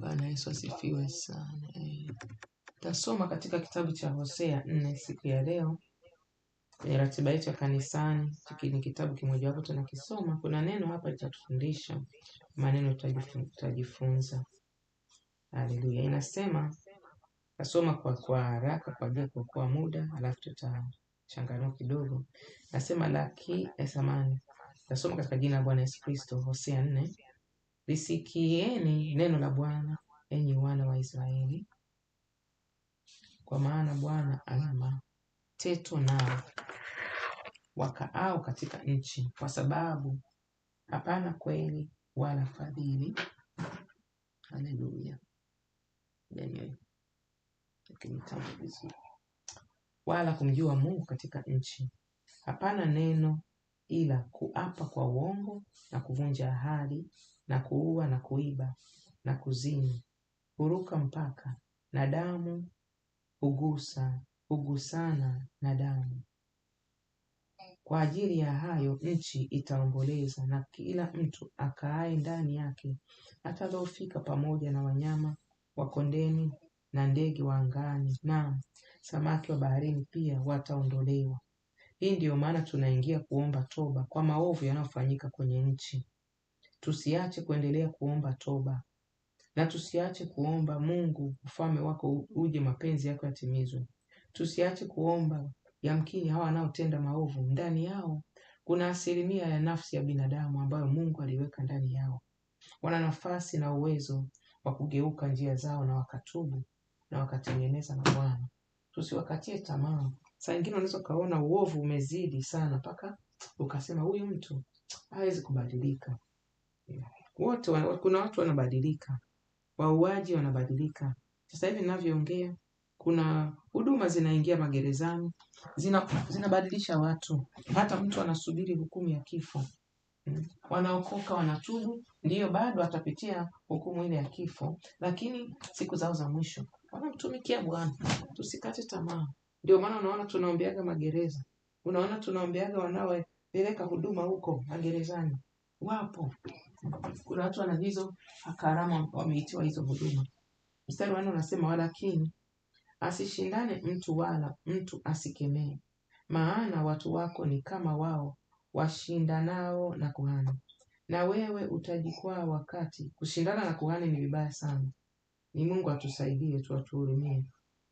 Bwana Yesu asifiwe sana. Eh, tasoma katika kitabu cha Hosea nne siku ya leo kwenye eh, ratiba yetu ya kanisani. Hiki ni kitabu kimojawapo tunakisoma. Kuna neno hapa litatufundisha, maneno tutajifunza. Haleluya! Inasema, tasoma kwa kwa haraka kwa ajili ya kuokoa muda, alafu tutachanganua kidogo. Nasema laki eh, samani, tasoma katika jina la Bwana Yesu Kristo, Hosea nne Lisikieni neno la Bwana, enyi wana wa Israeli, kwa maana Bwana ana mateto nao wakaao katika nchi, kwa sababu hapana kweli wala fadhili. Haleluya! Yaani, vizuri wala kumjua Mungu katika nchi, hapana neno ila kuapa kwa uongo na kuvunja ahadi na kuua na kuiba na kuzini, huruka mpaka, na damu hugusa hugusana na damu. Kwa ajili ya hayo nchi itaomboleza, na kila mtu akaaye ndani yake atadhoofika, pamoja na wanyama wa kondeni na ndege wa angani na samaki wa baharini pia wataondolewa. Hii ndiyo maana tunaingia kuomba toba kwa maovu yanayofanyika kwenye nchi tusiache kuendelea kuomba toba na tusiache kuomba Mungu, ufalme wako uje, mapenzi yako yatimizwe. Tusiache kuomba. Yamkini hawa wanaotenda maovu ndani yao kuna asilimia ya nafsi ya binadamu ambayo Mungu aliweka ndani yao, wana nafasi na uwezo wa kugeuka njia zao na wakatubu na wakatengeneza na Bwana. Tusiwakatie tamaa. Saa nyingine unaweza ukaona uovu umezidi sana mpaka ukasema huyu mtu hawezi kubadilika wote wa, kuna watu wanabadilika, wauaji wanabadilika. Sasa hivi ninavyoongea, kuna huduma zinaingia magerezani, zina, zinabadilisha watu. Hata mtu anasubiri hukumu ya kifo, wanaokoka wanatubu, ndiyo bado atapitia hukumu ile ya kifo, lakini siku zao za mwisho wanamtumikia Bwana. Tusikate tamaa. Ndio maana unaona tunaombeaga magereza, unaona tunaombeaga wanaopeleka huduma huko magerezani, wapo kuna watu wana hizo karama, wameitiwa hizo huduma. Mstari wa nne unasema walakini asishindane mtu wala mtu asikemee, maana watu wako ni kama wao washindanao na kuhani, na wewe utajikwaa wakati. Kushindana na kuhani ni vibaya sana. Ni Mungu atusaidie tu, atuhurumie.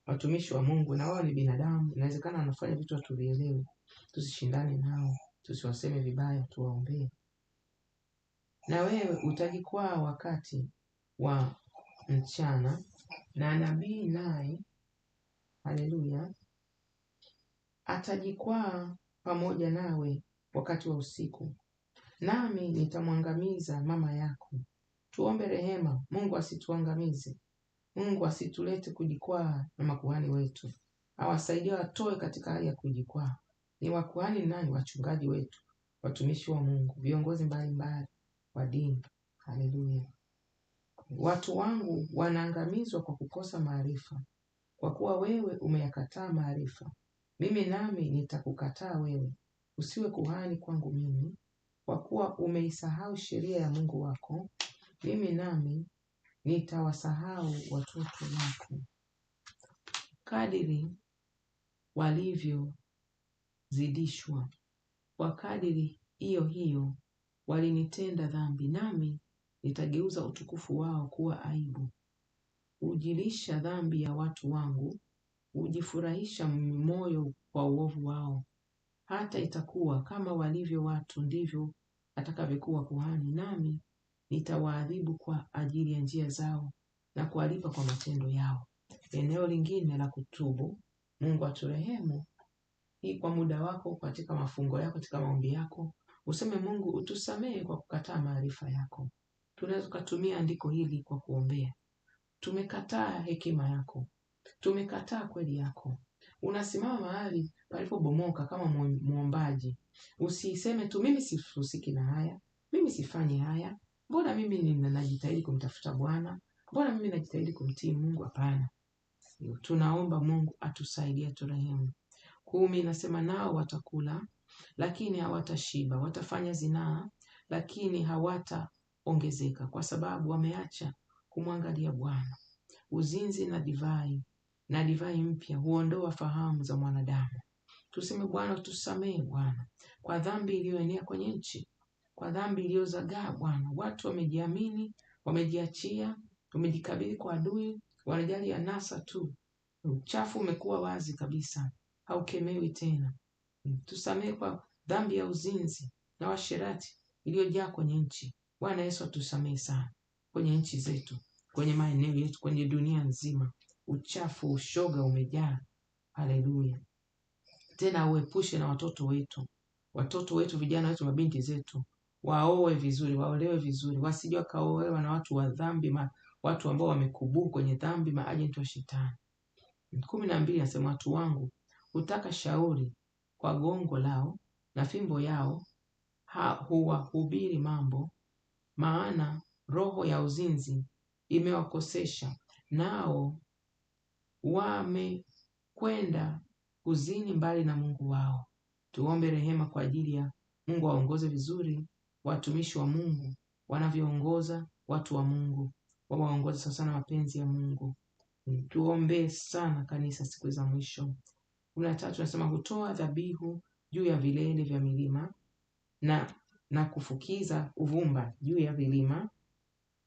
Watumishi wa Mungu na wao ni binadamu, inawezekana wanafanya vitu hatuvielewi. Tusishindane nao, tusiwaseme vibaya, tuwaombee na wewe utajikwaa wakati wa mchana. Na nabii naye, haleluya, atajikwaa pamoja nawe wakati wa usiku, nami nitamwangamiza mama yako. Tuombe rehema, Mungu asituangamize, Mungu asitulete kujikwaa na makuhani wetu, awasaidie watoe katika hali ya kujikwaa. Ni wakuhani nani? Wachungaji wetu, watumishi wa Mungu, viongozi mbalimbali wa dini. Haleluya! Watu wangu wanaangamizwa kwa kukosa maarifa, kwa kuwa wewe umeyakataa maarifa. Mimi nami nitakukataa wewe, usiwe kuhani kwangu mimi, kwa kuwa umeisahau sheria ya Mungu wako. Mimi nami nitawasahau watoto wako. Kadiri walivyozidishwa, kwa kadiri hiyo hiyo walinitenda dhambi, nami nitageuza utukufu wao kuwa aibu. Hujilisha dhambi ya watu wangu, hujifurahisha moyo kwa uovu wao. Hata itakuwa kama walivyo watu, ndivyo atakavyokuwa kuhani, nami nitawaadhibu kwa ajili ya njia zao na kuwalipa kwa matendo yao. Eneo lingine la kutubu. Mungu aturehemu. Hii kwa muda wako, katika mafungo yako, katika maombi yako, Useme Mungu utusamehe kwa kukataa maarifa yako. Tunaweza tukatumia andiko hili kwa kuombea. Tumekataa hekima yako. Tumekataa kweli yako. Unasimama mahali palipobomoka kama mwombaji. Usiseme tu mimi sihusiki na haya, mimi sifanye haya, mbona mimi najitahidi kumtafuta Bwana, mbona mimi najitahidi kumtii Mungu? Hapana, tunaomba Mungu atusaidie, turehemu. Kumi nasema nao watakula lakini hawatashiba. Watafanya zinaa, lakini hawataongezeka, kwa sababu wameacha kumwangalia Bwana. Uzinzi na divai na divai mpya huondoa fahamu za mwanadamu. Tuseme, Bwana tusamehe Bwana, kwa dhambi iliyoenea kwenye nchi, kwa dhambi iliyozagaa Bwana. Watu wamejiamini, wamejiachia, wamejikabidhi kwa adui, wanajali anasa tu. Uchafu umekuwa wazi kabisa, haukemewi tena tusamehe kwa dhambi ya uzinzi na washerati iliyojaa kwenye nchi. Bwana Yesu atusamehe sana kwenye nchi zetu, kwenye maeneo yetu, kwenye dunia nzima. Uchafu, ushoga umejaa. Haleluya! Tena uepushe na watoto wetu, watoto wetu, vijana wetu, mabinti zetu, waowe vizuri, waolewe vizuri, wasije wakaolewa na watu wa dhambi ma, watu ambao wamekubuu kwenye dhambi, maajenti wa shetani. kumi na mbili anasema watu wangu hutaka shauri kwa gongo lao na fimbo yao huwahubiri mambo, maana roho ya uzinzi imewakosesha, nao wamekwenda kuzini mbali na Mungu wao. Tuombe rehema kwa ajili ya Mungu awaongoze vizuri watumishi wa Mungu wanavyoongoza watu wa Mungu, wawaongoze sawasawa mapenzi ya Mungu. Tuombe sana kanisa siku za mwisho kumi na tatu nasema hutoa dhabihu juu ya vilele vya milima na, na kufukiza uvumba juu ya vilima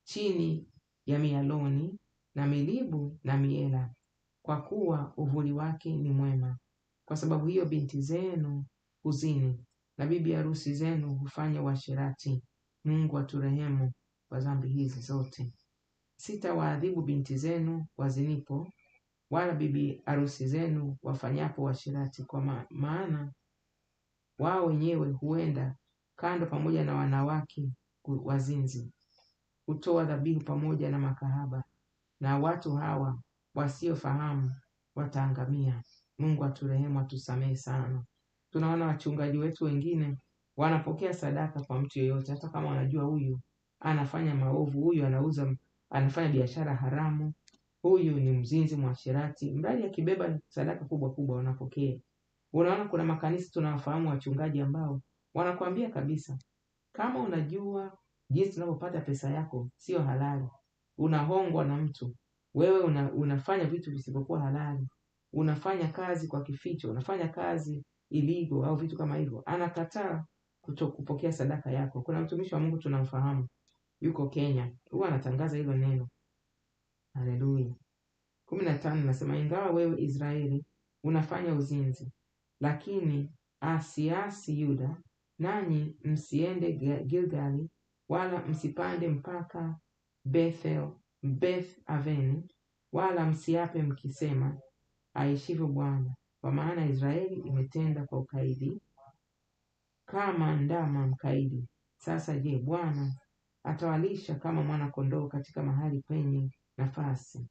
chini ya mialoni na milibu na miela, kwa kuwa uvuli wake ni mwema. Kwa sababu hiyo binti zenu huzini na bibi harusi zenu hufanya uasherati. Mungu aturehemu kwa dhambi hizi zote. Sitawaadhibu binti zenu wazinipo, wala bibi harusi zenu wafanyapo washirati, kwa maana wao wenyewe huenda kando pamoja na wanawake wazinzi, hutoa dhabihu pamoja na makahaba, na watu hawa wasiofahamu wataangamia. Mungu aturehemu, atusamehe sana. Tunaona wachungaji wetu wengine wanapokea sadaka kwa mtu yeyote, hata kama wanajua huyu anafanya maovu, huyu anauza, anafanya biashara haramu, huyu ni mzinzi mwashirati mradi akibeba sadaka kubwa kubwa wanapokea. Unaona, kuna makanisa tunawafahamu wachungaji ambao wanakwambia kabisa, kama unajua jinsi unavyopata pesa yako sio halali, unahongwa na mtu, wewe una, unafanya vitu visivyokuwa halali, unafanya kazi kwa kificho, unafanya kazi iligo au vitu kama hivyo, anakataa kupokea sadaka yako. Kuna mtumishi wa Mungu tunamfahamu, yuko Kenya, huwa anatangaza hilo neno Haleluya. kumi na tano nasema ingawa wewe Israeli unafanya uzinzi, lakini asiasi Yuda, nanyi msiende Gilgali wala msipande mpaka Bethel, Beth Aveni wala msiape mkisema, aishivyo Bwana, kwa maana Israeli imetenda kwa ukaidi kama ndama mkaidi. Sasa je, Bwana atawalisha kama mwana kondoo katika mahali penye nafasi.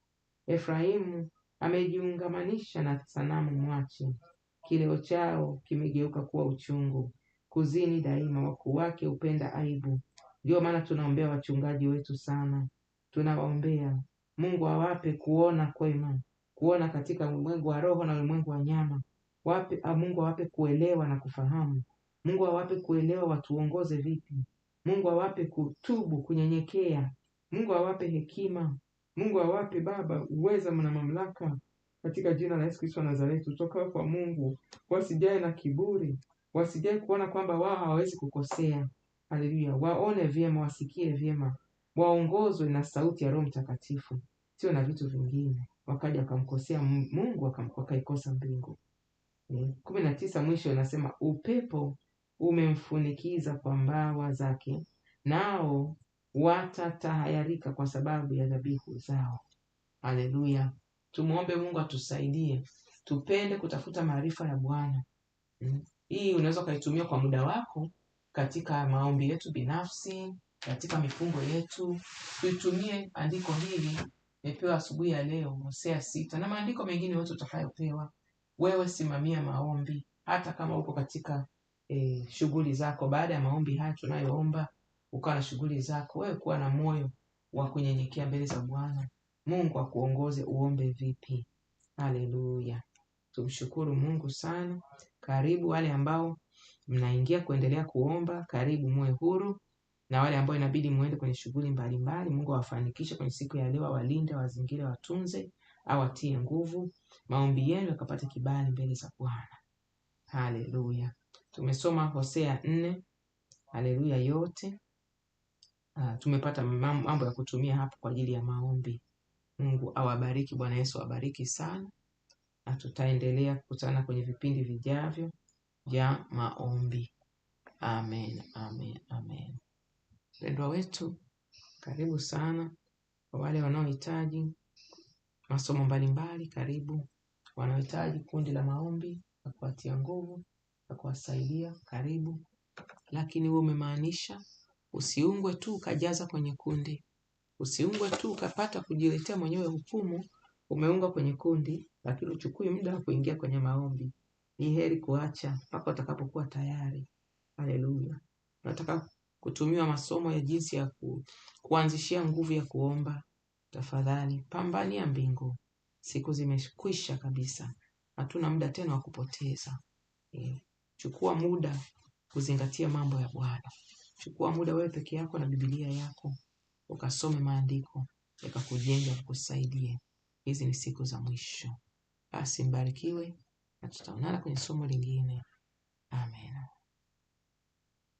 Efraimu amejiungamanisha na sanamu mwache, kileo chao kimegeuka kuwa uchungu. Kuzini daima, wakuu wake hupenda aibu. Ndio maana tunaombea wachungaji wetu sana, tunawaombea Mungu awape kuona kwema, kuona katika ulimwengu wa roho na ulimwengu wa nyama. Wape, ah, Mungu awape kuelewa na kufahamu. Mungu awape kuelewa watuongoze vipi. Mungu awape kutubu, kunyenyekea. Mungu awape hekima. Mungu awape Baba uweza na mamlaka katika jina la Yesu Kristo wa Nazareti, utokao kwa Mungu, wasijae na kiburi, wasijae kuona kwamba wao hawawezi kukosea. Haleluya, waone vyema, wasikie vyema, waongozwe na sauti ya Roho Mtakatifu, sio na vitu vingine, wakaja wakamkosea Mungu wakaikosa mbingu. kumi na tisa mwisho inasema upepo umemfunikiza kwa mbawa zake, nao watatahayarika kwa sababu ya dhabihu zao haleluya tumwombe mungu atusaidie tupende kutafuta maarifa ya bwana hmm? hii unaweza ukaitumia kwa muda wako katika maombi yetu binafsi katika mifungo yetu tuitumie andiko hili nipewa asubuhi ya leo hosea sita na maandiko mengine yote utakayopewa wewe simamia maombi hata kama uko katika e, shughuli zako baada ya maombi haya tunayoomba ukawa na shughuli zako, wewe kuwa na moyo wa kunyenyekea mbele za Bwana. Mungu akuongoze uombe vipi. Haleluya, tumshukuru Mungu sana. Karibu wale ambao mnaingia kuendelea kuomba, karibu muwe huru, na wale ambao inabidi muende kwenye shughuli mbalimbali, Mungu awafanikishe kwenye siku ya leo, walinde wazingire watunze, atie nguvu, maombi yenu yakapate kibali mbele za Bwana. Haleluya, tumesoma Hosea nne. Haleluya yote uh, tumepata mambo ya kutumia hapo kwa ajili ya maombi. Mungu awabariki, Bwana Yesu awabariki sana, na tutaendelea kukutana kwenye vipindi vijavyo vya maombi. Amen, amen, amen. Mpendwa wetu, karibu sana kwa wale wanaohitaji masomo mbalimbali, karibu wanaohitaji kundi la maombi la kuwatia nguvu la kuwasaidia, karibu. Lakini wewe umemaanisha Usiungwe tu ukajaza kwenye kundi, usiungwe tu ukapata kujiletea mwenyewe hukumu. Umeunga kwenye kundi, lakini uchukui muda wa kuingia kwenye maombi. Ni heri kuacha mpaka utakapokuwa tayari. Haleluya! Nataka kutumiwa masomo ya jinsi ya ku, kuanzishia nguvu ya kuomba. Tafadhali pambania mbingu, siku zimekwisha kabisa, hatuna muda tena wa kupoteza. E, chukua muda kuzingatia mambo ya Bwana. Chukua muda wewe peke yako na Biblia yako ukasome maandiko yakakujenga, kukusaidie. Hizi ni siku za mwisho. Basi mbarikiwe na tutaonana kwenye somo lingine. Amen.